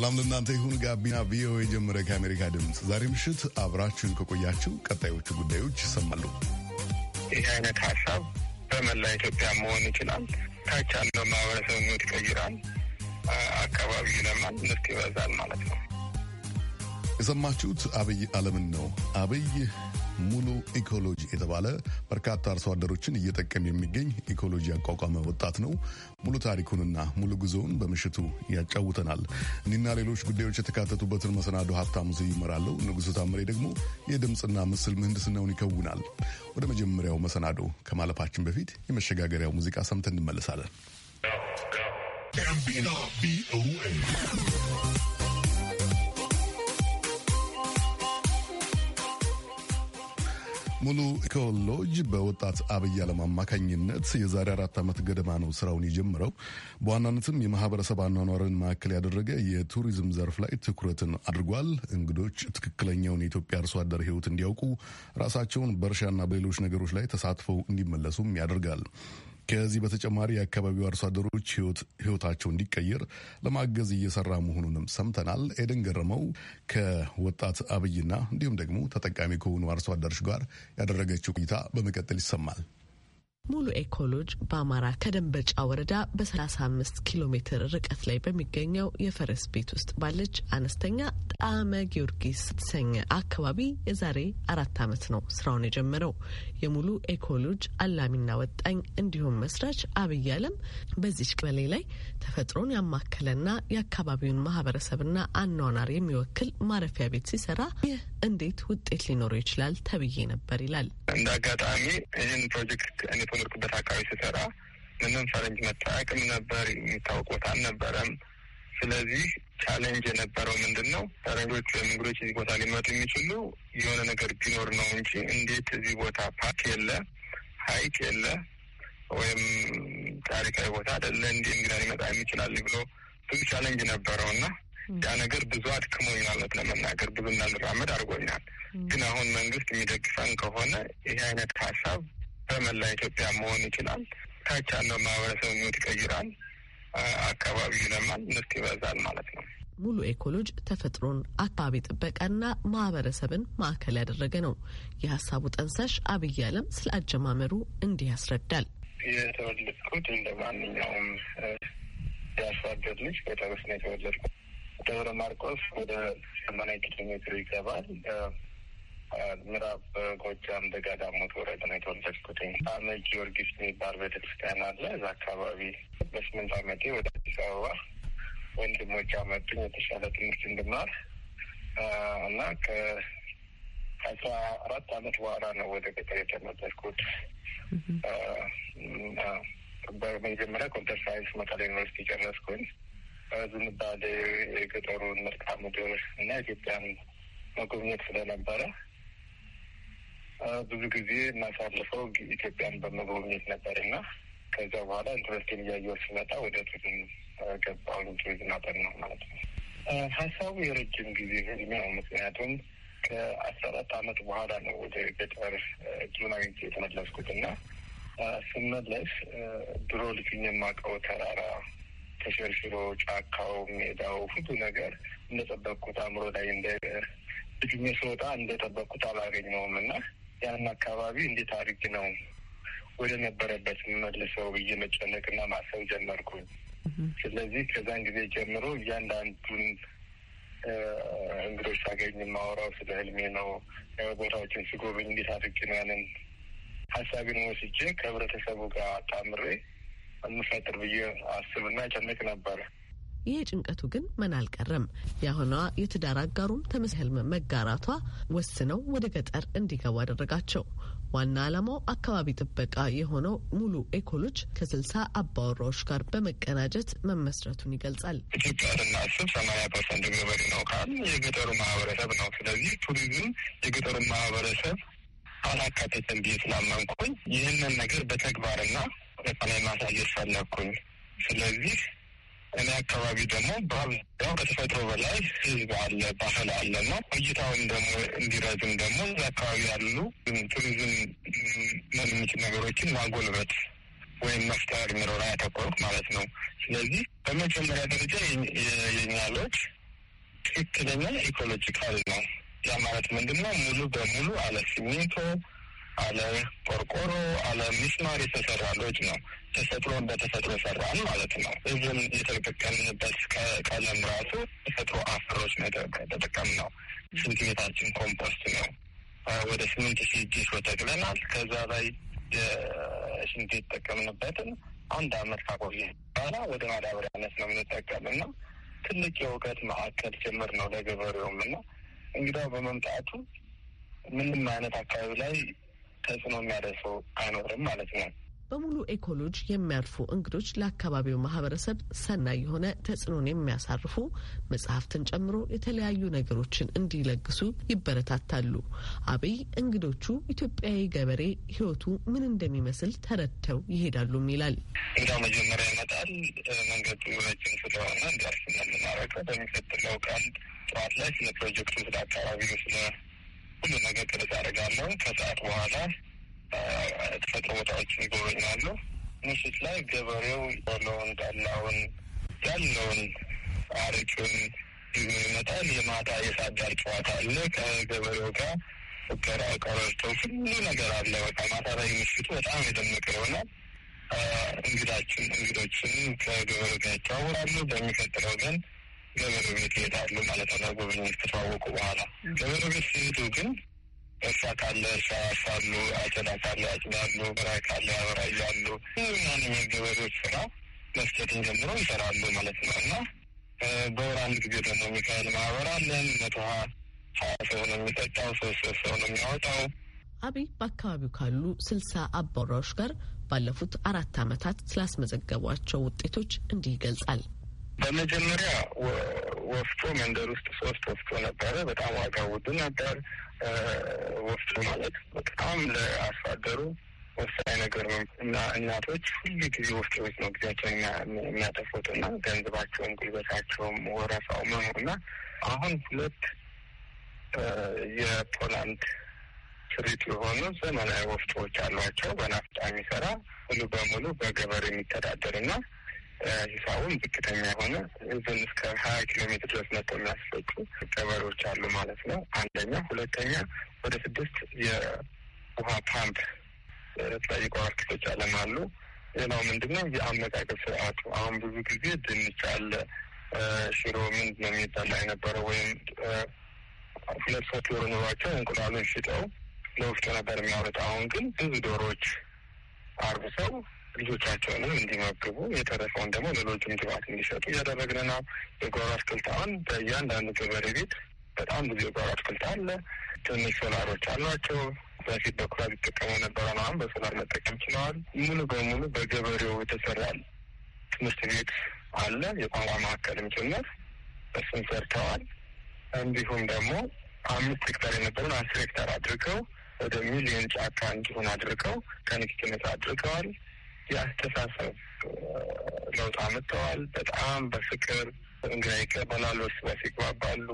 ሰላም ለእናንተ ይሁን። ጋቢና ቪኦኤ ጀመረ። ከአሜሪካ ድምፅ ዛሬ ምሽት አብራችሁን ከቆያችሁ ቀጣዮቹ ጉዳዮች ይሰማሉ። ይህ አይነት ሀሳብ በመላ ኢትዮጵያ መሆን ይችላል። ታች ያለው ማህበረሰብ ይቀይራል፣ አካባቢ ይለማል፣ ምርት ይበዛል ማለት ነው። የሰማችሁት አብይ አለምን ነው። አብይ ሙሉ ኢኮሎጂ የተባለ በርካታ አርሶ አደሮችን እየጠቀም የሚገኝ ኢኮሎጂ ያቋቋመ ወጣት ነው። ሙሉ ታሪኩንና ሙሉ ጉዞውን በምሽቱ ያጫውተናል። እኒና ሌሎች ጉዳዮች የተካተቱበትን መሰናዶ ሀብታሙ ስዩም ይመራለው። ንጉሥ ታምሬ ደግሞ የድምፅና ምስል ምህንድስናውን ይከውናል። ወደ መጀመሪያው መሰናዶ ከማለፋችን በፊት የመሸጋገሪያው ሙዚቃ ሰምተን እንመለሳለን። ሙሉ ኢኮሎጅ በወጣት አብይ ዓለም አማካኝነት የዛሬ አራት ዓመት ገደማ ነው ስራውን የጀመረው። በዋናነትም የማህበረሰብ አኗኗርን ማዕከል ያደረገ የቱሪዝም ዘርፍ ላይ ትኩረትን አድርጓል። እንግዶች ትክክለኛውን የኢትዮጵያ አርሶ አደር ህይወት እንዲያውቁ ራሳቸውን በእርሻና በሌሎች ነገሮች ላይ ተሳትፈው እንዲመለሱም ያደርጋል። ከዚህ በተጨማሪ የአካባቢው አርሶ አደሮች ህይወታቸው እንዲቀየር ለማገዝ እየሰራ መሆኑንም ሰምተናል። ኤደን ገረመው ከወጣት አብይና እንዲሁም ደግሞ ተጠቃሚ ከሆኑ አርሶ አደሮች ጋር ያደረገችው ቆይታ በመቀጠል ይሰማል። ሙሉ ኤኮሎጅ በአማራ ከደንበጫ ወረዳ በ35 ኪሎ ሜትር ርቀት ላይ በሚገኘው የፈረስ ቤት ውስጥ ባለች አነስተኛ ጣዕመ ጊዮርጊስ የተሰኘ አካባቢ የዛሬ አራት ዓመት ነው ስራውን የጀመረው። የሙሉ ኤኮሎጅ አላሚና ወጣኝ እንዲሁም መስራች አብይ አለም በዚች ቀበሌ ላይ ተፈጥሮን ያማከለና የአካባቢውን ማህበረሰብና አኗኗር የሚወክል ማረፊያ ቤት ሲሰራ ይህ እንዴት ውጤት ሊኖረው ይችላል ተብዬ ነበር ይላል። እንደ አጋጣሚ ይህን ፕሮጀክት በተመረኩበት አካባቢ ስሰራ ምንም ቻለንጅ መጣ ነበር የሚታወቅ ቦታ አልነበረም። ስለዚህ ቻለንጅ የነበረው ምንድን ነው? ፈረንጆች ወይም እንግዶች እዚህ ቦታ ሊመጡ የሚችሉ የሆነ ነገር ቢኖር ነው እንጂ እንዴት እዚህ ቦታ ፓርክ የለ፣ ሀይቅ የለ፣ ወይም ታሪካዊ ቦታ አደለ እንዲህ እንግዳ ሊመጣ የሚችላል ብሎ ብዙ ቻለንጅ ነበረው እና ያ ነገር ብዙ አድክሞኝ ማለት ለመናገር ብዙ እንዳንራመድ አድርጎኛል። ግን አሁን መንግስት የሚደግፈን ከሆነ ይሄ አይነት ሀሳብ በመላ ኢትዮጵያ መሆን ይችላል። ታች ያለው ማህበረሰብ ህይወት ይቀይራል፣ አካባቢ ይለማል፣ ምርት ይበዛል ማለት ነው። ሙሉ ኤኮሎጅ ተፈጥሮን፣ አካባቢ ጥበቃና ማህበረሰብን ማዕከል ያደረገ ነው። የሀሳቡ ጠንሳሽ አብይ አለም ስለ አጀማመሩ እንዲህ ያስረዳል። የተወለድኩት እንደ ማንኛውም የአርሶ አደር ልጅ በጠበስ ነው የተወለድኩት። ደብረ ማርቆስ ወደ ሰማንያ ኪሎ ሜትር ይገባል። ምዕራብ ጎጃም ደጋዳሞት ወረዳ ነው የተወለድኩትኝ። አመ ጊዮርጊስ የሚባል ቤተክርስቲያን አለ። እዛ አካባቢ በስምንት አመቴ ወደ አዲስ አበባ ወንድሞች አመጡኝ የተሻለ ትምህርት እንድማር እና ከአስራ አራት አመት በኋላ ነው ወደ ገጠር የተመለስኩት። በመጀመሪያ ኮምፒተር ሳይንስ መቀሌ ዩኒቨርሲቲ ጨረስኩኝ። ዝንባሌ የገጠሩን መልክዓ ምድር እና ኢትዮጵያን መጎብኘት ስለነበረ ብዙ ጊዜ የማሳልፈው ኢትዮጵያን በመጎብኘት ነበር እና ከዚያ በኋላ ኢንትረስቴን እያየሁ ሲመጣ ወደ ቱሪዝም ገባሁ። ቱሪዝም አጠር ነው ማለት ነው። ሀሳቡ የረጅም ጊዜ ህልሜ ነው። ምክንያቱም ከአስራ አራት አመት በኋላ ነው ወደ ገጠር እድሉን አግኝቼ የተመለስኩት እና ስመለስ ድሮ ልጅኝ የማውቀው ተራራ ተሸርሽሮ፣ ጫካው፣ ሜዳው ሁሉ ነገር እንደጠበቅኩት አእምሮ ላይ እንደ ልጅኝ ስወጣ እንደጠበቅኩት አላገኘውም እና ያንን አካባቢ እንዴት አድርግ ነው ወደ ነበረበት የምመልሰው ብዬ መጨነቅና ማሰብ ጀመርኩኝ። ስለዚህ ከዛን ጊዜ ጀምሮ እያንዳንዱን እንግዶች ሳገኝ የማወራው ስለ ህልሜ ነው። ቦታዎችን ስጎብኝ እንዴት አድርግ ነው ያንን ሀሳቢን ወስጄ ከህብረተሰቡ ጋር አጣምሬ የምፈጥር ብዬ አስብና ጨነቅ ነበረ። ይሄ ጭንቀቱ ግን መን አልቀረም። የአሁኗ የትዳር አጋሩም ተመሳሳይ መጋራቷ ወስነው ወደ ገጠር እንዲገቡ አደረጋቸው። ዋና ዓላማው አካባቢ ጥበቃ የሆነው ሙሉ ኤኮሎጅ ከስልሳ አባወራዎች ጋር በመቀናጀት መመስረቱን ይገልጻል። ኢትዮጵያ ስናስብ ሰማንያ ፐርሰንት ገበሬ ነው ካል የገጠሩ ማህበረሰብ ነው። ስለዚህ ቱሪዝም የገጠሩ ማህበረሰብ አላካተተም ብዬ ስላመንኩኝ ይህንን ነገር በተግባርና ሁኔታ ማሳየት ፈለግኩኝ። ስለዚህ እኔ አካባቢ ደግሞ በአብዛኛው ከተፈጥሮ በላይ ህዝብ አለ፣ ባህል አለ እና እይታውን ደግሞ እንዲረዝም ደግሞ እዚ አካባቢ ያሉ ቱሪዝም ምን የሚችል ነገሮችን ማጎልበት ወይም መፍጠር የሚለው ላይ ያተኮርኩ ማለት ነው። ስለዚህ በመጀመሪያ ደረጃ የኛሎች ትክክለኛ ኢኮሎጂካል ነው። ያ ማለት ምንድነው? ሙሉ በሙሉ አለ ሲሚንቶ አለ ቆርቆሮ አለ ሚስማር የተሰራ ሎጅ ነው። ተፈጥሮ በተፈጥሮ ሰራን ማለት ነው። እዚም የተጠቀምንበት ቀለም ራሱ ተፈጥሮ አፈሮች ነው የተጠቀም ነው። ስንት ቤታችን ኮምፖስት ነው። ወደ ስምንት ሺህ ጂሶ ተክለናል። ከዛ ላይ ስንት የተጠቀምንበትን አንድ አመት ካቆየ በኋላ ወደ ማዳበሪያነት ነው የምንጠቀምና ትልቅ የእውቀት ማዕከል ጭምር ነው ለገበሬውም እና እንግዲያው በመምጣቱ ምንም አይነት አካባቢ ላይ ተጽዕኖ የሚያደርሰው አይኖርም ማለት ነው። በሙሉ ኤኮሎጅ የሚያልፉ እንግዶች ለአካባቢው ማህበረሰብ ሰናይ የሆነ ተጽዕኖን የሚያሳርፉ መጽሐፍትን ጨምሮ የተለያዩ ነገሮችን እንዲለግሱ ይበረታታሉ። አብይ እንግዶቹ ኢትዮጵያዊ ገበሬ ሕይወቱ ምን እንደሚመስል ተረድተው ይሄዳሉም ይላል። እንዲያው መጀመሪያ ይመጣል። መንገዱ ረጅም ስለሆነ እንዲያርስ ምናረገ በሚቀጥለው ቀን ጠዋት ላይ ስለ ፕሮጀክቱ ስለ አካባቢው ስለ ሁሉ ነገር ቅርጽ አደርጋለሁ። ከሰዓት በኋላ ተፈጥሮ ቦታዎችን ይጎበኛሉ። ምሽት ላይ ገበሬው ቆሎውን፣ ጠላውን ያለውን አረቂውን ይዞ ይመጣል። የማታ የሳዳር ጨዋታ አለ ከገበሬው ጋር ቁጠራ፣ ቀረርቶ ሁሉ ነገር አለ። በቃ ማታ ላይ ምሽቱ በጣም የደመቀ ይሆናል። እንግዳችን እንግዶችን ከገበሬው ጋር ይተዋወራሉ። በሚቀጥለው ግን ቤት ይሄዳሉ ማለት ነው። ጎብኝት ከተዋወቁ በኋላ ቤት ሲሄዱ ግን እርሻ ካለ እርሻ ያርሳሉ፣ አጨዳ ካለ ያጭዳሉ፣ በራይ ካለ ያበራያሉ። ምናንም የገበሬዎች ስራ መስጨትን ጀምሮ ይሰራሉ ማለት ነው እና በወር አንድ ጊዜ ደግሞ ሚካኤል ማህበር አለን። መቶ ሀያ ሰው ነው የሚጠጣው፣ ሶስት ሶስት ሰው ነው የሚያወጣው። አብይ በአካባቢው ካሉ ስልሳ አባወራዎች ጋር ባለፉት አራት ዓመታት ስላስመዘገቧቸው ውጤቶች እንዲህ ይገልጻል። በመጀመሪያ ወፍጮ መንደር ውስጥ ሶስት ወፍጮ ነበረ። በጣም ዋጋ ውድ ነበር። ወፍጮ ማለት በጣም ለአርሶ አደሩ ወሳኝ ነገር ነው እና እናቶች ሁሉ ጊዜ ወፍጮ ቤት ነው ጊዜያቸውን የሚያጠፉት እና ገንዘባቸውም፣ ጉልበታቸውም፣ ወረፋው መሆኑ እና አሁን ሁለት የፖላንድ ስሪት የሆኑ ዘመናዊ ወፍጮዎች አሏቸው። በናፍጣ የሚሰራ ሙሉ በሙሉ በገበር የሚተዳደር እና ሂሳቡም ዝቅተኛ የሆነ ዝን እስከ ሀያ ኪሎ ሜትር ድረስ መጥተው የሚያስፈጩ ገበሬዎች አሉ ማለት ነው። አንደኛ፣ ሁለተኛ ወደ ስድስት የውሃ ፓምፕ ጠይቆ አርክቶች አለም አሉ። ሌላው ምንድነው የአመቃቀብ የአመጋገብ ስርዓቱ አሁን ብዙ ጊዜ ድንች አለ ሽሮ ምንድን ነው የሚበላ የነበረው ወይም ሁለት ሰት ዶሮ ኑሯቸው እንቁላሉን ሽጠው ለውስጡ ነበር የሚያወሩት። አሁን ግን ብዙ ዶሮዎች አርብሰው ልጆቻቸውንም እንዲመግቡ የተረፈውን ደግሞ ሌሎችም ግባት እንዲሸጡ እያደረግን ነው። የጓሮ አትክልት አሁን በእያንዳንዱ ገበሬ ቤት በጣም ብዙ የጓሮ አትክልት አለ። ትንሽ ሶላሮች አሏቸው። በፊት በኩራዝ ይጠቀሙ ነበረ ነው። አሁን በሶላር መጠቀም ችለዋል። ሙሉ በሙሉ በገበሬው የተሰራ ትምህርት ቤት አለ፣ የቋንቋ ማዕከልም ጭምር እሱን ሰርተዋል። እንዲሁም ደግሞ አምስት ሄክታር የነበረውን አስር ሄክታር አድርገው ወደ ሚሊዮን ጫካ እንዲሆን አድርገው ከንክኪነት አድርገዋል። የአስተሳሰብ ለውጥ አምጥተዋል። በጣም በፍቅር እንግዳ ይቀበላሉ፣ እርስ በርስ ይግባባሉ።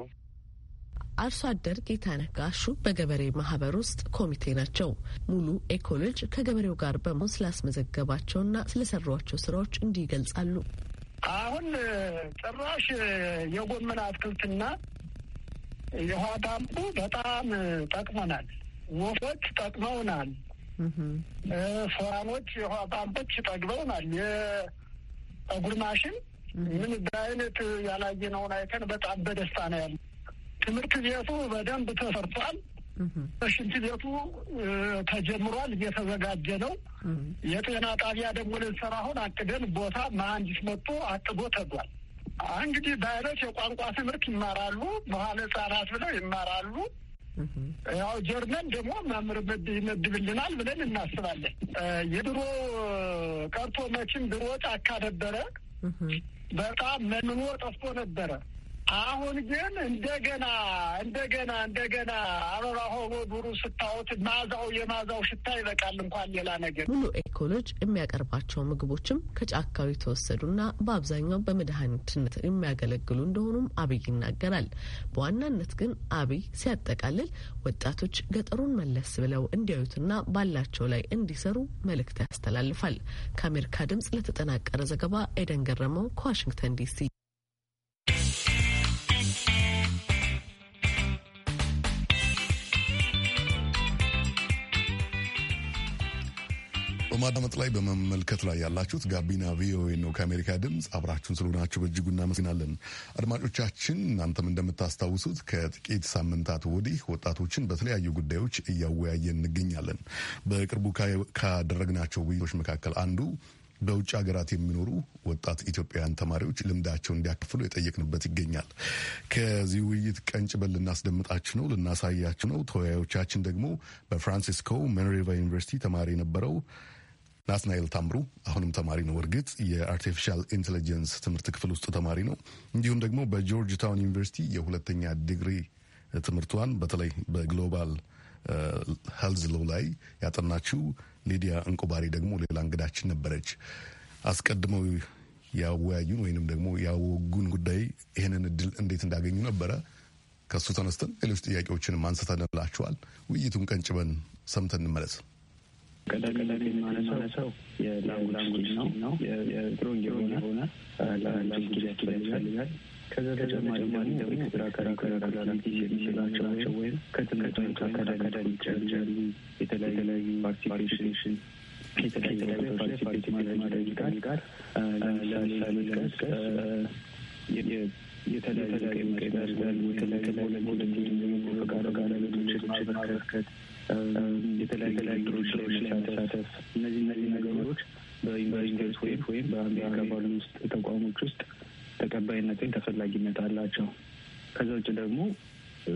አርሶ አደር ጌታነህ ጋሹ በገበሬ ማህበር ውስጥ ኮሚቴ ናቸው። ሙሉ ኤኮሎጅ ከገበሬው ጋር በመሆን ስላስመዘገባቸውና ስለሰሯቸው ስራዎች እንዲህ ይገልጻሉ። አሁን ጭራሽ የጎመን አትክልትና የውሃ ፓምፑ በጣም ጠቅመናል። ወፎች ጠቅመውናል። ፎራኖች፣ የውሃ ፓምፖች ጠግበውናል። የጠጉር ማሽን ምን በአይነት ያላየነውን አይተን በጣም በደስታ ነው ያለ። ትምህርት ቤቱ በደንብ ተሰርቷል። በሽንት ቤቱ ተጀምሯል፣ እየተዘጋጀ ነው። የጤና ጣቢያ ደግሞ ልንሰራ አሁን አቅደን ቦታ መሀንዲስ መጥቶ አቅዶ ተጓል። እንግዲህ በአይነት የቋንቋ ትምህርት ይማራሉ፣ በኋላ ህጻናት ብለው ይማራሉ። ያው ጀርመን ደግሞ መምህር ይመድብልናል ብለን እናስባለን። የድሮ ቀርቶ መችም ድሮ ጫካ ነበረ። በጣም መኖ ጠፍቶ ነበረ። አሁን ግን እንደገና እንደገና እንደገና አበባ ሆኖ ዱሩ ስታወት ማዛው የማዛው ሽታ ይበቃል። እንኳን ሌላ ነገር ሙሉ ኤኮሎጅ የሚያቀርባቸው ምግቦችም ከጫካው የተወሰዱና በአብዛኛው በመድኃኒትነት የሚያገለግሉ እንደሆኑም አብይ ይናገራል። በዋናነት ግን አብይ ሲያጠቃልል ወጣቶች ገጠሩን መለስ ብለው እንዲያዩትና ባላቸው ላይ እንዲሰሩ መልእክት ያስተላልፋል። ከአሜሪካ ድምጽ ለተጠናቀረ ዘገባ ኤደን ገረመው ከዋሽንግተን ዲሲ በማዳመጥ ላይ በመመልከት ላይ ያላችሁት ጋቢና ቪኦኤ ነው። ከአሜሪካ ድምፅ አብራችሁን ስለሆናችሁ በእጅጉ እናመሰግናለን። አድማጮቻችን፣ እናንተም እንደምታስታውሱት ከጥቂት ሳምንታት ወዲህ ወጣቶችን በተለያዩ ጉዳዮች እያወያየን እንገኛለን። በቅርቡ ካደረግናቸው ውይይቶች መካከል አንዱ በውጭ ሀገራት የሚኖሩ ወጣት ኢትዮጵያውያን ተማሪዎች ልምዳቸውን እንዲያካፍሉ የጠየቅንበት ይገኛል። ከዚህ ውይይት ቀንጭበን ልናስደምጣችሁ ነው፣ ልናሳያችሁ ነው። ተወያዮቻችን ደግሞ በፍራንሲስኮ መንሪቫ ዩኒቨርሲቲ ተማሪ የነበረው ናትናኤል ታምሩ አሁንም ተማሪ ነው። እርግጥ የአርቲፊሻል ኢንቴሊጀንስ ትምህርት ክፍል ውስጥ ተማሪ ነው። እንዲሁም ደግሞ በጆርጅ ታውን ዩኒቨርሲቲ የሁለተኛ ዲግሪ ትምህርቷን በተለይ በግሎባል ሄልዝ ሎው ላይ ያጠናችው ሊዲያ እንቁባሪ ደግሞ ሌላ እንግዳችን ነበረች። አስቀድመው ያወያዩን ወይንም ደግሞ ያወጉን ጉዳይ ይህንን እድል እንዴት እንዳገኙ ነበረ። ከሱ ተነስተን ሌሎች ጥያቄዎችንም አንስተንላችኋል። ውይይቱን ቀንጭበን ሰምተን እንመለስ። ቀደም ብለን ሰው የላንጉጅ ነው። ነው የስትሮንግ የሆነ ላንጉጅ ያስፈልጋል። ከዛ ተጨማሪ ደግሞ ኤክስትራ የሚችላቸው ወይም ከትምህርት ወይም ከአካዳሚክ ጨርጨር የተለያዩ ፓርቲሲፔሽን የተለያዩ ፓርቲሲፔት ማድረግ ጋር ለምሳሌ ለመስቀስ የተለያዩ ቀይ መስቀል የተለያዩ ሞለቲ የሚሆኑ ፈቃድ ጋር ለቤቶችን ማበርከት የተለያዩ ነገሮች ላይ መሳተፍ እነዚህ እነዚህ ነገሮች በዩኒቨርስቲዎች ወይም ወይም በአሜሪካ ባሉ ውስጥ ተቋሞች ውስጥ ተቀባይነት ወይም ተፈላጊነት አላቸው። ከዛ ውጭ ደግሞ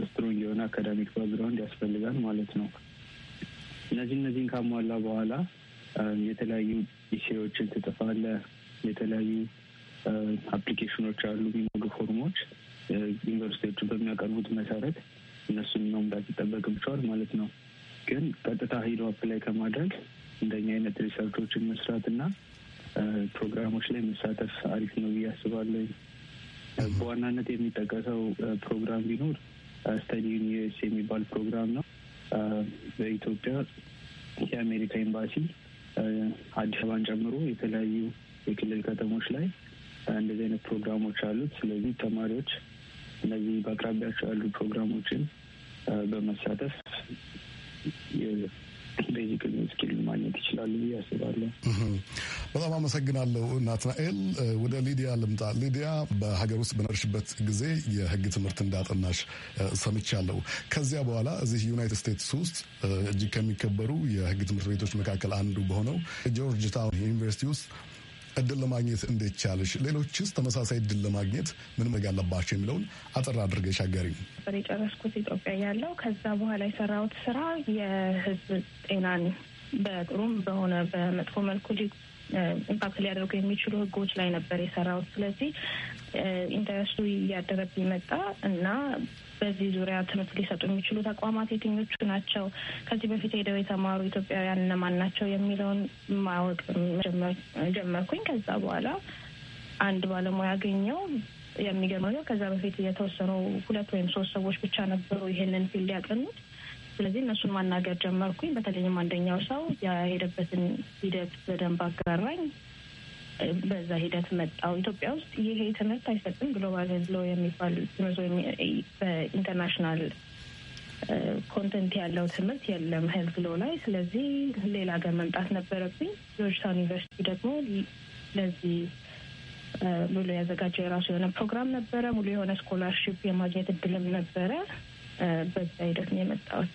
ስትሮንግ የሆነ አካዳሚክ ባክግራውንድ ያስፈልጋል ማለት ነው። እነዚህ እነዚህን ካሟላ በኋላ የተለያዩ ኢሴዎችን ትጽፋለህ። የተለያዩ አፕሊኬሽኖች አሉ፣ የሚሞሉ ፎርሞች ዩኒቨርሲቲዎቹ በሚያቀርቡት መሰረት እነሱን መሙላት ይጠበቅብቸዋል ማለት ነው። ግን ቀጥታ ሂዶ አፕላይ ከማድረግ እንደኛ አይነት ሪሰርቾችን መስራት እና ፕሮግራሞች ላይ መሳተፍ አሪፍ ነው ብዬ አስባለሁ። በዋናነት የሚጠቀሰው ፕሮግራም ቢኖር ስተዲ ኢን የሚባል ፕሮግራም ነው። በኢትዮጵያ የአሜሪካ ኤምባሲ አዲስ አበባን ጨምሮ የተለያዩ የክልል ከተሞች ላይ እንደዚህ አይነት ፕሮግራሞች አሉት። ስለዚህ ተማሪዎች እነዚህ በአቅራቢያቸው ያሉ ፕሮግራሞችን በመሳተፍ ስኪል ማግኘት ይችላሉ ብዬ አስባለሁ። በጣም አመሰግናለሁ ናትናኤል። ወደ ሊዲያ ልምጣ። ሊዲያ በሀገር ውስጥ በነርሽበት ጊዜ የህግ ትምህርት እንዳጠናሽ ሰምቻለሁ። ከዚያ በኋላ እዚህ ዩናይትድ ስቴትስ ውስጥ እጅግ ከሚከበሩ የህግ ትምህርት ቤቶች መካከል አንዱ በሆነው ጆርጅ ታውን ዩኒቨርሲቲ ውስጥ እድል ለማግኘት እንዴት ቻለሽ? ሌሎችስ ተመሳሳይ እድል ለማግኘት ምን መግ አለባቸው የሚለውን አጠር አድርገሽ አጋሪ። የጨረስኩት ኢትዮጵያ ያለው ከዛ በኋላ የሰራሁት ስራ የህዝብ ጤናን በጥሩም በሆነ በመጥፎ መልኩ ኢምፓክት ሊያደርጉ የሚችሉ ህጎች ላይ ነበር የሰራሁት። ስለዚህ ኢንተረስቱ እያደረብኝ መጣ እና በዚህ ዙሪያ ትምህርት ሊሰጡ የሚችሉ ተቋማት የትኞቹ ናቸው፣ ከዚህ በፊት ሄደው የተማሩ ኢትዮጵያውያን እነማን ናቸው የሚለውን ማወቅ ጀመርኩኝ። ከዛ በኋላ አንድ ባለሙያ አገኘው። የሚገርመው ነው ከዛ በፊት የተወሰኑ ሁለት ወይም ሶስት ሰዎች ብቻ ነበሩ ይሄንን ፊልድ ያቀኑት። ስለዚህ እነሱን ማናገር ጀመርኩኝ። በተለይም አንደኛው ሰው የሄደበትን ሂደት በደንብ አጋራኝ። በዛ ሂደት መጣው። ኢትዮጵያ ውስጥ ይሄ ትምህርት አይሰጥም። ግሎባል ሄልዝ ሎ የሚባል ትምህርት ወይም በኢንተርናሽናል ኮንተንት ያለው ትምህርት የለም ሄልዝ ሎ ላይ። ስለዚህ ሌላ ሀገር መምጣት ነበረብኝ። ጆርጅታውን ዩኒቨርሲቲ ደግሞ ለዚህ ብሎ ያዘጋጀው የራሱ የሆነ ፕሮግራም ነበረ። ሙሉ የሆነ ስኮላርሽፕ የማግኘት እድልም ነበረ። በዛ ሂደት ነው የመጣሁት።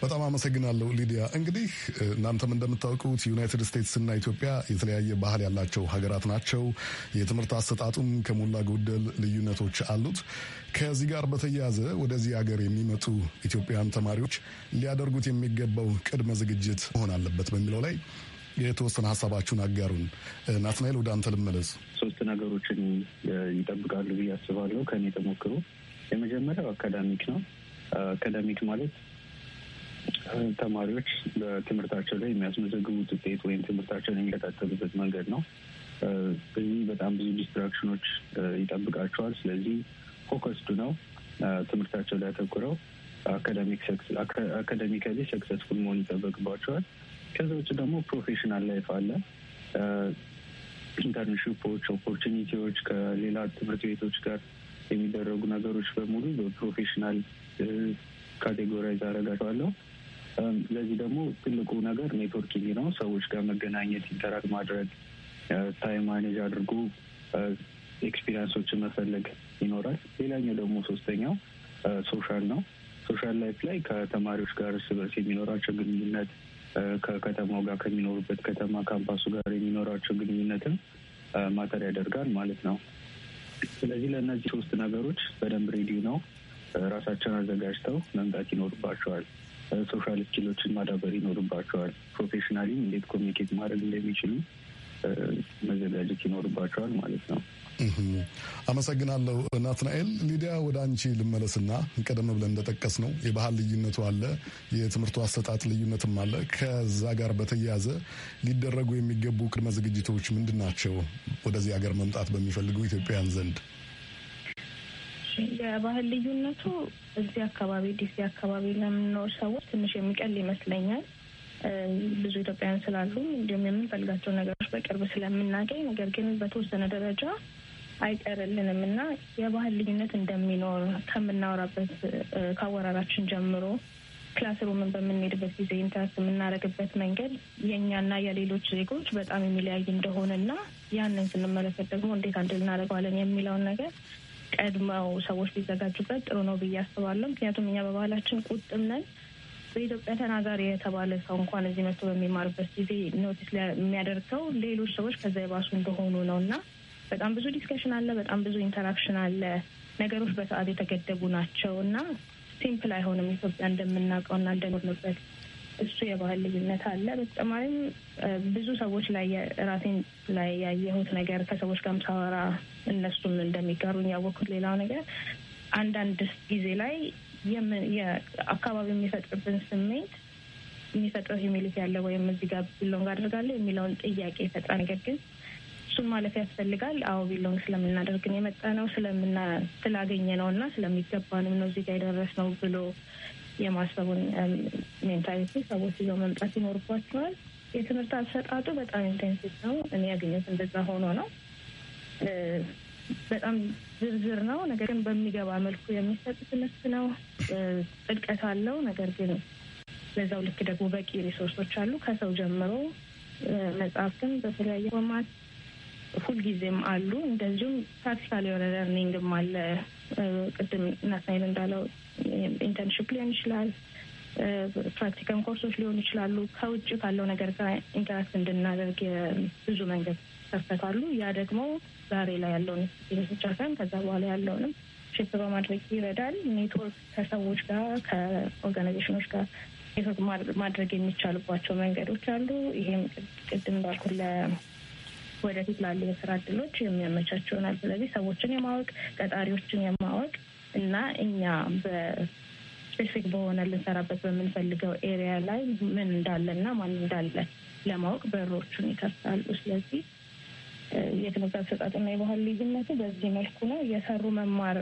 በጣም አመሰግናለሁ ሊዲያ። እንግዲህ እናንተም እንደምታውቁት ዩናይትድ ስቴትስ እና ኢትዮጵያ የተለያየ ባህል ያላቸው ሀገራት ናቸው። የትምህርት አሰጣጡም ከሞላ ጎደል ልዩነቶች አሉት። ከዚህ ጋር በተያያዘ ወደዚህ ሀገር የሚመጡ ኢትዮጵያውያን ተማሪዎች ሊያደርጉት የሚገባው ቅድመ ዝግጅት መሆን አለበት በሚለው ላይ የተወሰነ ሀሳባችሁን አጋሩን። ናትናኤል ወደ አንተ ልመለስ። ሶስት ነገሮችን ይጠብቃሉ ብዬ አስባለሁ ከኔ ተሞክሮ። የመጀመሪያው አካዳሚክ ነው። አካዳሚክ ማለት ተማሪዎች በትምህርታቸው ላይ የሚያስመዘግቡት ውጤት ወይም ትምህርታቸውን የሚከታተሉበት መንገድ ነው። እዚህ በጣም ብዙ ዲስትራክሽኖች ይጠብቃቸዋል። ስለዚህ ፎከስዱ ነው ትምህርታቸው ላይ አተኩረው አካዳሚካሊ ሰክሰስፉል መሆን ይጠበቅባቸዋል። ከዛ ውጭ ደግሞ ፕሮፌሽናል ላይፍ አለ። ኢንተርንሽፖች፣ ኦፖርቹኒቲዎች፣ ከሌላ ትምህርት ቤቶች ጋር የሚደረጉ ነገሮች በሙሉ በፕሮፌሽናል ካቴጎራይዝ አደርጋቸዋለሁ። ስለዚህ ደግሞ ትልቁ ነገር ኔትወርኪንግ ነው። ሰዎች ጋር መገናኘት፣ ኢንተራክት ማድረግ፣ ታይም ማኔጅ አድርጎ ኤክስፒሪንሶችን መፈለግ ይኖራል። ሌላኛው ደግሞ ሶስተኛው ሶሻል ነው። ሶሻል ላይፍ ላይ ከተማሪዎች ጋር እርስ በርስ የሚኖራቸው ግንኙነት ከከተማው ጋር ከሚኖሩበት ከተማ ካምፓሱ ጋር የሚኖራቸው ግንኙነትም ማተር ያደርጋል ማለት ነው። ስለዚህ ለእነዚህ ሶስት ነገሮች በደንብ ሬዲዮ ነው ራሳቸውን አዘጋጅተው መምጣት ይኖርባቸዋል። ሶሻል ስኪሎችን ማዳበር ይኖርባቸዋል። ፕሮፌሽናሊ እንዴት ኮሚኒኬት ማድረግ እንደሚችሉ መዘጋጀት ይኖርባቸዋል ማለት ነው። አመሰግናለሁ ናትናኤል። ሊዲያ ወደ አንቺ ልመለስና ቀደም ብለን እንደጠቀስ ነው የባህል ልዩነቱ አለ፣ የትምህርቱ አሰጣጥ ልዩነትም አለ። ከዛ ጋር በተያያዘ ሊደረጉ የሚገቡ ቅድመ ዝግጅቶች ምንድን ናቸው? ወደዚህ ሀገር መምጣት በሚፈልጉ ኢትዮጵያውያን ዘንድ የባህል ልዩነቱ እዚህ አካባቢ ዲሲ አካባቢ ለምንኖር ሰዎች ትንሽ የሚቀል ይመስለኛል። ብዙ ኢትዮጵያውያን ስላሉ እንዲሁም የምንፈልጋቸው ነገሮች በቅርብ ስለምናገኝ፣ ነገር ግን በተወሰነ ደረጃ አይቀርልንም እና የባህል ልዩነት እንደሚኖር ከምናወራበት ከአወራራችን ጀምሮ ክላስሩምን በምንሄድበት ጊዜ ኢንተረስት የምናደርግበት መንገድ የእኛና የሌሎች ዜጎች በጣም የሚለያይ እንደሆነ እና ያንን ስንመለከት ደግሞ እንዴት አንድ ልናደርገዋለን የሚለውን ነገር ቀድመው ሰዎች ቢዘጋጁበት ጥሩ ነው ብዬ አስባለሁ። ምክንያቱም እኛ በባህላችን ቁጥም ነን። በኢትዮጵያ ተናጋሪ የተባለ ሰው እንኳን እዚህ መጥቶ በሚማርበት ጊዜ ኖቲስ የሚያደርገው ሌሎች ሰዎች ከዛ የባሱ እንደሆኑ ነው እና በጣም ብዙ ዲስከሽን አለ፣ በጣም ብዙ ኢንተራክሽን አለ። ነገሮች በሰዓት የተገደቡ ናቸው እና ሲምፕል አይሆንም ኢትዮጵያ እንደምናውቀው እና እንደኖርንበት እሱ የባህል ልዩነት አለ። በተጨማሪም ብዙ ሰዎች ላይ ራሴን ላይ ያየሁት ነገር ከሰዎች ጋርም ሳወራ እነሱም እንደሚጋሩኝ ያወቅኩት ሌላው ነገር አንዳንድ ጊዜ ላይ አካባቢ የሚፈጥርብን ስሜት የሚፈጥረው ሂሚሊቲ ያለ ወይም እዚህ ጋር ቢሎንግ አድርጋለሁ የሚለውን ጥያቄ ይፈጥራ። ነገር ግን እሱን ማለፍ ያስፈልጋል። አዎ ቢሎንግ ስለምናደርግን የመጣ ነው ስለምና ስላገኘ ነው እና ስለሚገባንም ነው እዚህ ጋር የደረስ ነው ብሎ የማሰቡን ሜንታሊቲ ሰዎች ይዘው መምጣት ይኖርባቸዋል። የትምህርት አሰጣጡ በጣም ኢንቴንሲቭ ነው። እኔ ያገኘሁት እንደዛ ሆኖ ነው። በጣም ዝርዝር ነው፣ ነገር ግን በሚገባ መልኩ የሚሰጥ ትምህርት ነው። ጥልቀት አለው፣ ነገር ግን በዛው ልክ ደግሞ በቂ ሪሶርሶች አሉ። ከሰው ጀምሮ መጽሐፍትም በተለያየ ፎርማት ሁልጊዜም አሉ። እንደዚሁም ፕራክቲካል የሆነ ለርኒንግም አለ። ቅድም ናትናኤል እንዳለው ኢንተርንሽፕ ሊሆን ይችላል፣ ፕራክቲካም ኮርሶች ሊሆኑ ይችላሉ። ከውጭ ካለው ነገር ጋር ኢንተራክት እንድናደርግ ብዙ መንገድ ከፈታሉ። ያ ደግሞ ዛሬ ላይ ያለውን ብቻ ሳይሆን ከዛ በኋላ ያለውንም ሼፕ በማድረግ ይረዳል። ኔትወርክ ከሰዎች ጋር ከኦርጋናይዜሽኖች ጋር ኔትወርክ ማድረግ የሚቻልባቸው መንገዶች አሉ። ይሄም ቅድም እንዳልኩ ወደፊት ላሉ የስራ እድሎች የሚያመቻች ይሆናል። ስለዚህ ሰዎችን የማወቅ ቀጣሪዎችን የማወቅ እና እኛ በስፔሲፊክ በሆነ ልንሰራበት በምንፈልገው ኤሪያ ላይ ምን እንዳለ እና ማን እንዳለ ለማወቅ በሮቹን ይከፍታሉ። ስለዚህ የትምህርት አሰጣጥና የባህል ልዩነቱ በዚህ መልኩ ነው። እየሰሩ መማር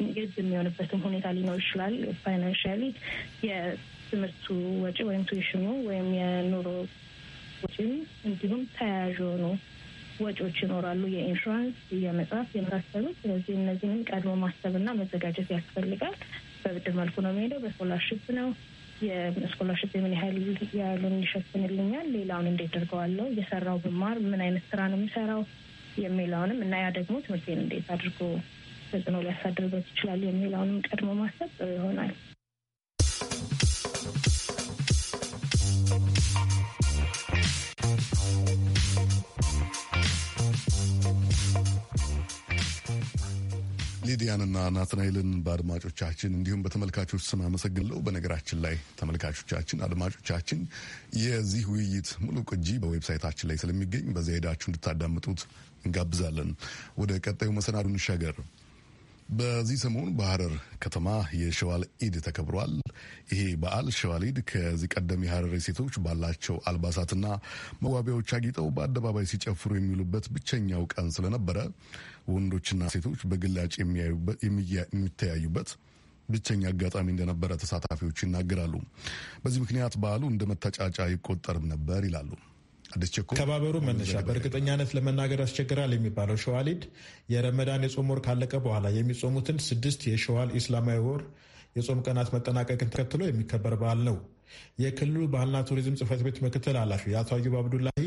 የግድ የሚሆንበትም ሁኔታ ሊኖር ይችላል። ፋይናንሽሊ የትምህርቱ ወጪ ወይም ቱዊሽኑ ወይም የኑሮ ወጪ እንዲሁም ተያያዥ የሆኑ ወጪዎች ይኖራሉ፣ የኢንሹራንስ፣ የመጽሐፍ የመሳሰሉት። ስለዚህ እነዚህን ቀድሞ ማሰብና መዘጋጀት ያስፈልጋል። በብድር መልኩ ነው የሚሄደው፣ በስኮላርሽፕ ነው። የስኮላርሽፕ የምን ያህል ያሉን ይሸፍንልኛል፣ ሌላውን እንዴት አድርገዋለሁ፣ እየሰራው ብማር ምን አይነት ስራ ነው የሚሰራው? የሚለውንም እና ያ ደግሞ ትምህርቴን እንዴት አድርጎ ተጽዕኖ ሊያሳድርበት ይችላል የሚለውንም ቀድሞ ማሰብ ይሆናል። ሊዲያንና ናትናኤልን በአድማጮቻችን እንዲሁም በተመልካቾች ስም አመሰግናለሁ። በነገራችን ላይ ተመልካቾቻችን፣ አድማጮቻችን የዚህ ውይይት ሙሉ ቅጂ በዌብሳይታችን ላይ ስለሚገኝ በዚያ ሄዳችሁ እንድታዳምጡት እንጋብዛለን። ወደ ቀጣዩ መሰናዱ እንሻገር። በዚህ ሰሞን በሐረር ከተማ የሸዋል ኢድ ተከብሯል። ይሄ በዓል ሸዋል ኢድ ከዚህ ቀደም የሐረሬ ሴቶች ባላቸው አልባሳትና መዋቢያዎች አጊጠው በአደባባይ ሲጨፍሩ የሚውሉበት ብቸኛው ቀን ስለነበረ ወንዶችና ሴቶች በግላጭ የሚተያዩበት ብቸኛ አጋጣሚ እንደነበረ ተሳታፊዎች ይናገራሉ። በዚህ ምክንያት በዓሉ እንደ መታጫጫ ይቆጠርም ነበር ይላሉ። ከባበሩ መነሻ በእርግጠኛነት ለመናገር ያስቸግራል የሚባለው ሸዋሊድ የረመዳን የጾም ወር ካለቀ በኋላ የሚጾሙትን ስድስት የሸዋል ኢስላማዊ ወር የጾም ቀናት መጠናቀቅን ተከትሎ የሚከበር በዓል ነው። የክልሉ ባህልና ቱሪዝም ጽህፈት ቤት ምክትል ኃላፊ አቶ አዩብ አብዱላሂ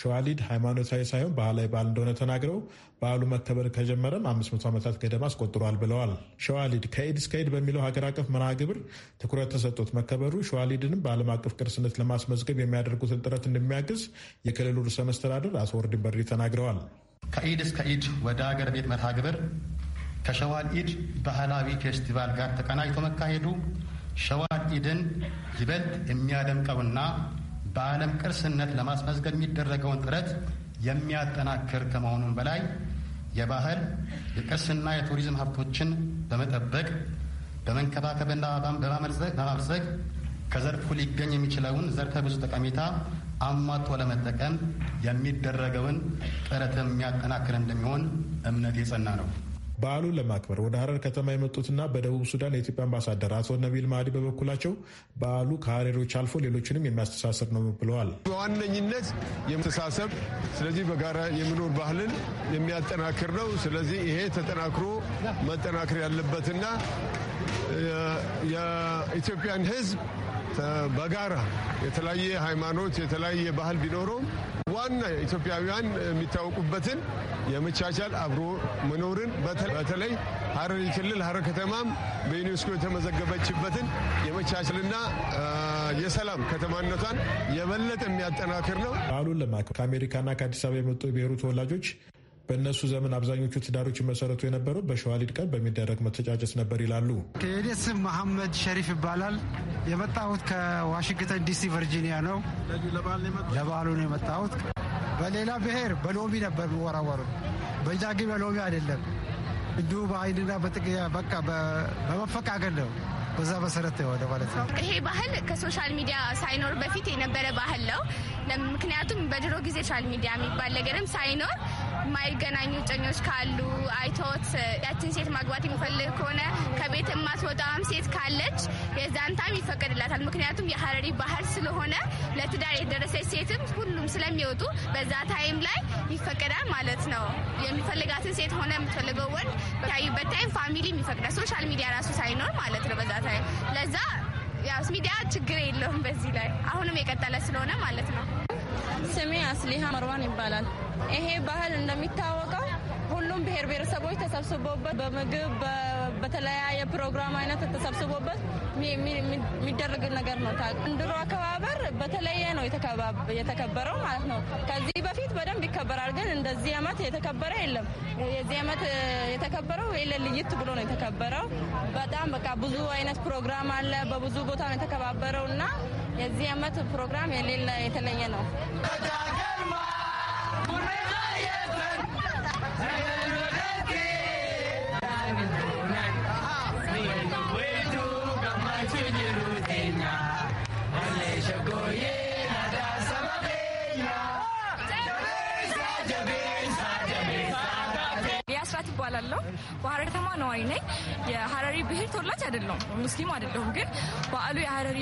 ሸዋሊድ ሃይማኖታዊ ሳይሆን ባህላዊ በዓል እንደሆነ ተናግረው በዓሉ መከበር ከጀመረም 500 ዓመታት ገደማ አስቆጥሯል ብለዋል። ሸዋሊድ ከኢድ እስከ ኢድ በሚለው ሀገር አቀፍ መርሃ ግብር ትኩረት ተሰጥቶት መከበሩ ሸዋሊድንም በዓለም አቀፍ ቅርስነት ለማስመዝገብ የሚያደርጉትን ጥረት እንደሚያግዝ የክልሉ ርዕሰ መስተዳድር አቶ ወርድን በሪ ተናግረዋል። ከኢድ እስከ ኢድ ወደ ሀገር ቤት መርሃ ግብር ከሸዋል ኢድ ባህላዊ ፌስቲቫል ጋር ተቀናጅቶ መካሄዱ ሸዋ ኢድን ይበልጥ የሚያደምቀውና በዓለም ቅርስነት ለማስመዝገብ የሚደረገውን ጥረት የሚያጠናክር ከመሆኑም በላይ የባህል የቅርስና የቱሪዝም ሀብቶችን በመጠበቅ በመንከባከብና በማበልጸግ ከዘርፉ ሊገኝ የሚችለውን ዘርፈ ብዙ ጠቀሜታ አሟጦ ለመጠቀም የሚደረገውን ጥረት የሚያጠናክር እንደሚሆን እምነት የጸና ነው። በዓሉን ለማክበር ወደ ሀረር ከተማ የመጡትና በደቡብ ሱዳን የኢትዮጵያ አምባሳደር አቶ ነቢል ማህዲ በበኩላቸው በዓሉ ከሀረሪዎች አልፎ ሌሎችንም የሚያስተሳስር ነው ብለዋል። በዋነኝነት የመተሳሰብ ስለዚህ በጋራ የምኖር ባህልን የሚያጠናክር ነው። ስለዚህ ይሄ ተጠናክሮ መጠናከር ያለበትና የኢትዮጵያን ሕዝብ በጋራ የተለያየ ሃይማኖት የተለያየ ባህል ቢኖረውም ዋና ኢትዮጵያውያን የሚታወቁበትን የመቻቻል አብሮ መኖርን በተለይ ሀረሪ ክልል ሀረር ከተማም በዩኔስኮ የተመዘገበችበትን የመቻቻልና የሰላም ከተማነቷን የበለጠ የሚያጠናክር ነው። በዓሉን ለማክበር ከአሜሪካና ከአዲስ አበባ የመጡ የብሔሩ ተወላጆች በእነሱ ዘመን አብዛኞቹ ትዳሮች ይመሰረቱ የነበረው በሸዋሊድ ቀን በሚደረግ መተጫጨት ነበር ይላሉ። የእኔ ስም መሐመድ ሸሪፍ ይባላል። የመጣሁት ከዋሽንግተን ዲሲ ቨርጂኒያ ነው። ለበዓሉ ነው የመጣሁት። በሌላ ብሔር በሎሚ ነበር የምወራወሩ፣ በእኛ ግን በሎሚ አይደለም። እንዲሁ በአይንና በቃ በመፈቃገል ነው። በዛ መሰረት የሆነ ማለት ነው። ይሄ ባህል ከሶሻል ሚዲያ ሳይኖር በፊት የነበረ ባህል ነው። ምክንያቱም በድሮ ጊዜ ሶሻል ሚዲያ የሚባል ነገርም ሳይኖር የማይገናኙ እጮኞች ካሉ አይቶት ያችን ሴት ማግባት የሚፈልግ ከሆነ ከቤት የማትወጣም ሴት ካለች የዛን ይፈቀድላታል። ምክንያቱም የሀረሪ ባህል ስለሆነ ለትዳር የደረሰች ሴትም ሁሉም ስለሚወጡ በዛ ታይም ላይ ይፈቀዳል ማለት ነው። የሚፈልጋትን ሴት ሆነ የምትፈልገው ወንድ በታዩበት ታይም ፋሚሊ የሚፈቅዳል። ሶሻል ሚዲያ ራሱ ሳይኖር ማለት ነው በዛ ታይም ለዛ ያው ሚዲያ ችግር የለውም። በዚህ ላይ አሁንም የቀጠለ ስለሆነ ማለት ነው። ስሜ አስሊሃ መርዋን ይባላል። ይሄ ባህል እንደሚታወቀው ሁሉም ብሔር ብሔረሰቦች ተሰብስበውበት በምግብ በተለያየ ፕሮግራም አይነት ተሰብስቦበት የሚደረግ ነገር ነው። እንድሮ አከባበር በተለየ ነው የተከበረው ማለት ነው። ከዚህ በፊት በደንብ ይከበራል፣ ግን እንደዚህ አመት የተከበረ የለም። የዚህ አመት የተከበረው የለ ልይት ብሎ ነው የተከበረው። በጣም በቃ ብዙ አይነት ፕሮግራም አለ። በብዙ ቦታ ነው የተከባበረው እና የዚህ አመት ፕሮግራም የሌለ የተለየ ነው። Yeah. ነዋሪ ነኝ። የሀረሪ ብሔር ተወላጅ አይደለሁም፣ ሙስሊም አይደለሁም። ግን በዓሉ የሀረሪ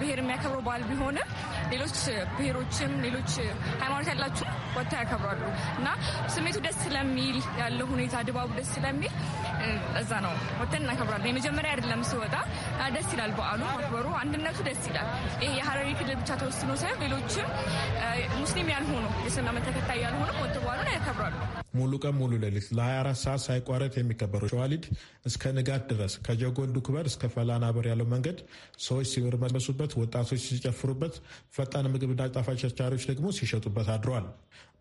ብሔር የሚያከብረው በዓል ቢሆንም ሌሎች ብሔሮችም ሌሎች ሃይማኖት ያላችሁ ወታ ያከብራሉ እና ስሜቱ ደስ ስለሚል ያለው ሁኔታ ድባቡ ደስ ስለሚል እዛ ነው ወተን እናከብራለን። የመጀመሪያ አይደለም ስወጣ ደስ ይላል። በዓሉ ማክበሩ አንድነቱ ደስ ይላል። ይሄ የሀረሪ ክልል ብቻ ተወስኖ ሳይሆን ሌሎችም ሙስሊም ያልሆኑ የእስልምና ተከታይ ያልሆኑ ወተ በዓሉን ያከብራሉ። ሙሉ ቀን ሙሉ ሌሊት ለ24 ሰዓት ሳይቋረጥ የሚከበረው ሸዋሊድ እስከ ንጋት ድረስ ከጀጎንዱ ክበር እስከ ፈላና በር ያለው መንገድ ሰዎች ሲርመሱበት፣ ወጣቶች ሲጨፍሩበት፣ ፈጣን ምግብና ጣፋጭ ቸርቻሪዎች ደግሞ ሲሸጡበት አድረዋል።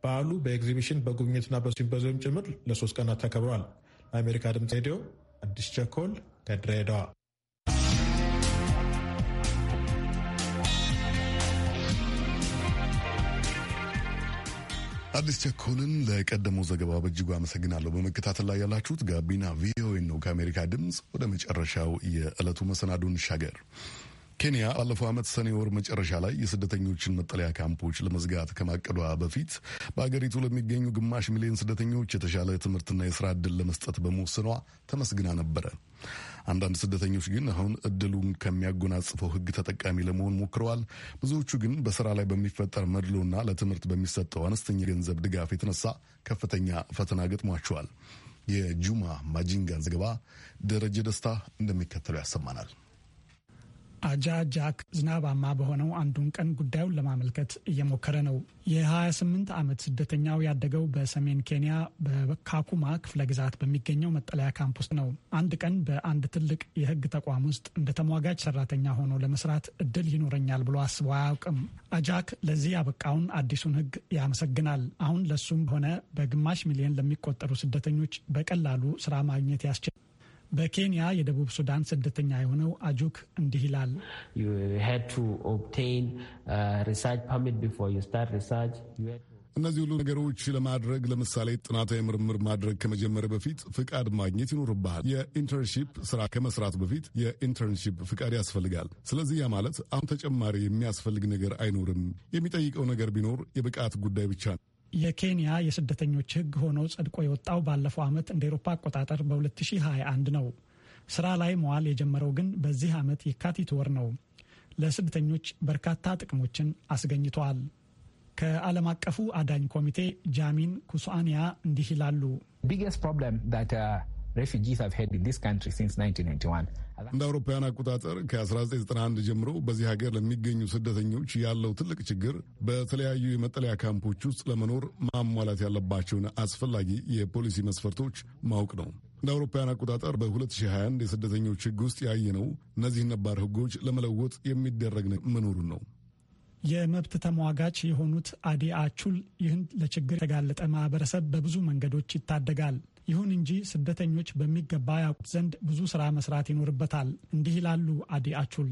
በዓሉ በኤግዚቢሽን በጉብኝትና በሲምፖዚየም ጭምር ለሶስት ቀናት ተከብሯል። ለአሜሪካ ድምፅ ሬዲዮ አዲስ ቸኮል ከድሬዳዋ አዲስ ቸኮልን ለቀደመው ዘገባ በእጅጉ አመሰግናለሁ። በመከታተል ላይ ያላችሁት ጋቢና ቪኦኤ ነው ከአሜሪካ ድምፅ። ወደ መጨረሻው የዕለቱ መሰናዱን ሻገር ኬንያ ባለፈው ዓመት ሰኔ ወር መጨረሻ ላይ የስደተኞችን መጠለያ ካምፖች ለመዝጋት ከማቀዷ በፊት በአገሪቱ ለሚገኙ ግማሽ ሚሊዮን ስደተኞች የተሻለ ትምህርትና የስራ ዕድል ለመስጠት በመወሰኗ ተመስግና ነበረ። አንዳንድ ስደተኞች ግን አሁን እድሉን ከሚያጎናጽፈው ህግ ተጠቃሚ ለመሆን ሞክረዋል። ብዙዎቹ ግን በስራ ላይ በሚፈጠር መድሎና ለትምህርት በሚሰጠው አነስተኛ ገንዘብ ድጋፍ የተነሳ ከፍተኛ ፈተና ገጥሟቸዋል። የጁማ ማጂንጋን ዘገባ ደረጀ ደስታ እንደሚከተለው ያሰማናል። አጃ ጃክ ዝናባማ በሆነው አንዱን ቀን ጉዳዩን ለማመልከት እየሞከረ ነው። የ28 ዓመት ስደተኛው ያደገው በሰሜን ኬንያ በካኩማ ክፍለ ግዛት በሚገኘው መጠለያ ካምፕ ውስጥ ነው። አንድ ቀን በአንድ ትልቅ የህግ ተቋም ውስጥ እንደ ተሟጋጅ ሰራተኛ ሆኖ ለመስራት እድል ይኖረኛል ብሎ አስቦ አያውቅም። አጃክ ለዚህ ያበቃውን አዲሱን ህግ ያመሰግናል። አሁን ለሱም ሆነ በግማሽ ሚሊዮን ለሚቆጠሩ ስደተኞች በቀላሉ ስራ ማግኘት ያስችላል። በኬንያ የደቡብ ሱዳን ስደተኛ የሆነው አጁክ እንዲህ ይላል። uh, እነዚህ ሁሉ ነገሮች ለማድረግ ለምሳሌ ጥናታዊ ምርምር ማድረግ ከመጀመር በፊት ፍቃድ ማግኘት ይኖርብሃል። የኢንተርንሺፕ ስራ ከመስራት በፊት የኢንተርንሺፕ ፍቃድ ያስፈልጋል። ስለዚህ ያ ማለት አሁን ተጨማሪ የሚያስፈልግ ነገር አይኖርም። የሚጠይቀው ነገር ቢኖር የብቃት ጉዳይ ብቻ ነው። የኬንያ የስደተኞች ህግ ሆኖ ጸድቆ የወጣው ባለፈው ዓመት እንደ ኤሮፓ አቆጣጠር በ2021 ነው። ስራ ላይ መዋል የጀመረው ግን በዚህ ዓመት የካቲት ወር ነው። ለስደተኞች በርካታ ጥቅሞችን አስገኝተዋል። ከዓለም አቀፉ አዳኝ ኮሚቴ ጃሚን ኩሱአንያ እንዲህ ይላሉ። እንደ አውሮፓውያን አቆጣጠር ከ1991 ጀምሮ በዚህ ሀገር ለሚገኙ ስደተኞች ያለው ትልቅ ችግር በተለያዩ የመጠለያ ካምፖች ውስጥ ለመኖር ማሟላት ያለባቸውን አስፈላጊ የፖሊሲ መስፈርቶች ማወቅ ነው። እንደ አውሮፓውያን አቆጣጠር በ2021 የስደተኞች ሕግ ውስጥ ያየነው እነዚህን ነባር ሕጎች ለመለወጥ የሚደረግ መኖሩን ነው። የመብት ተሟጋች የሆኑት አዲ አቹል ይህን ለችግር የተጋለጠ ማህበረሰብ በብዙ መንገዶች ይታደጋል። ይሁን እንጂ ስደተኞች በሚገባ ያውቁት ዘንድ ብዙ ስራ መስራት ይኖርበታል። እንዲህ ይላሉ አዲ አቹል።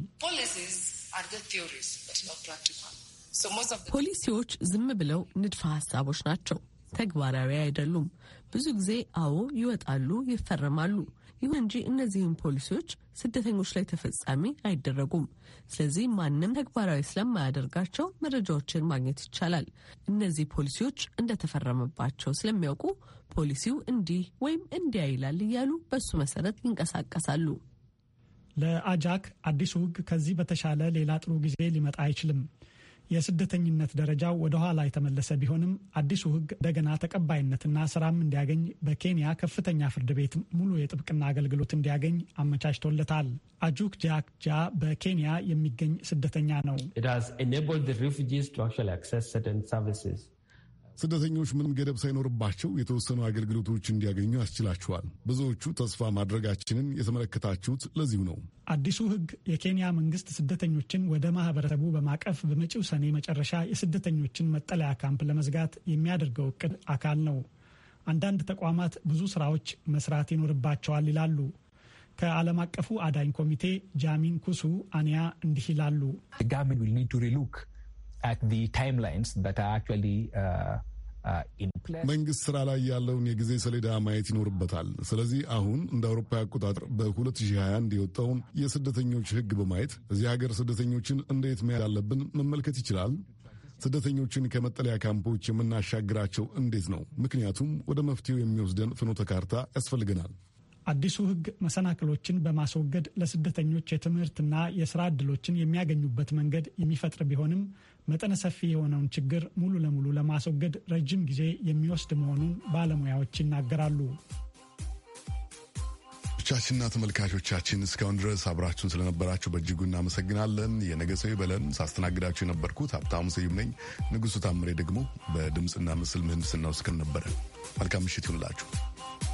ፖሊሲዎች ዝም ብለው ንድፈ ሀሳቦች ናቸው፣ ተግባራዊ አይደሉም። ብዙ ጊዜ አዎ ይወጣሉ፣ ይፈረማሉ ይሁን እንጂ እነዚህም ፖሊሲዎች ስደተኞች ላይ ተፈጻሚ አይደረጉም። ስለዚህ ማንም ተግባራዊ ስለማያደርጋቸው መረጃዎችን ማግኘት ይቻላል። እነዚህ ፖሊሲዎች እንደተፈረመባቸው ስለሚያውቁ ፖሊሲው እንዲህ ወይም እንዲያ ይላል እያሉ በሱ መሰረት ይንቀሳቀሳሉ። ለአጃክ አዲሱ ህግ ከዚህ በተሻለ ሌላ ጥሩ ጊዜ ሊመጣ አይችልም። የስደተኝነት ደረጃው ወደ ኋላ የተመለሰ ቢሆንም አዲሱ ሕግ እንደገና ተቀባይነትና ስራም እንዲያገኝ በኬንያ ከፍተኛ ፍርድ ቤት ሙሉ የጥብቅና አገልግሎት እንዲያገኝ አመቻችቶለታል። አጁክ ጃክጃ በኬንያ የሚገኝ ስደተኛ ነው። ስደተኞች ምንም ገደብ ሳይኖርባቸው የተወሰኑ አገልግሎቶች እንዲያገኙ ያስችላቸዋል። ብዙዎቹ ተስፋ ማድረጋችንን የተመለከታችሁት ለዚሁ ነው። አዲሱ ሕግ የኬንያ መንግስት ስደተኞችን ወደ ማህበረሰቡ በማቀፍ በመጪው ሰኔ መጨረሻ የስደተኞችን መጠለያ ካምፕ ለመዝጋት የሚያደርገው እቅድ አካል ነው። አንዳንድ ተቋማት ብዙ ስራዎች መስራት ይኖርባቸዋል ይላሉ። ከዓለም አቀፉ አዳኝ ኮሚቴ ጃሚን ኩሱ አንያ እንዲህ ይላሉ። Uh, uh, መንግስት ስራ ላይ ያለውን የጊዜ ሰሌዳ ማየት ይኖርበታል። ስለዚህ አሁን እንደ አውሮፓ አቆጣጠር በ2021 የወጣውን የስደተኞች ህግ በማየት እዚህ ሀገር ስደተኞችን እንዴት መያዝ አለብን መመልከት ይችላል። ስደተኞችን ከመጠለያ ካምፖች የምናሻግራቸው እንዴት ነው? ምክንያቱም ወደ መፍትሄው የሚወስደን ፍኖተ ካርታ ያስፈልገናል። አዲሱ ህግ መሰናክሎችን በማስወገድ ለስደተኞች የትምህርትና የስራ ዕድሎችን የሚያገኙበት መንገድ የሚፈጥር ቢሆንም መጠነ ሰፊ የሆነውን ችግር ሙሉ ለሙሉ ለማስወገድ ረጅም ጊዜ የሚወስድ መሆኑን ባለሙያዎች ይናገራሉ። ቻችንና ተመልካቾቻችን እስካሁን ድረስ አብራችሁን ስለነበራችሁ በእጅጉ እናመሰግናለን። የነገ ሰው ይበለን። ሳስተናግዳችሁ የነበርኩት ሀብታሙ ስዩም ነኝ። ንጉሱ ታምሬ ደግሞ በድምፅና ምስል ምህንድስናው ውስጥ ነበረ። መልካም ምሽት ይሁንላችሁ።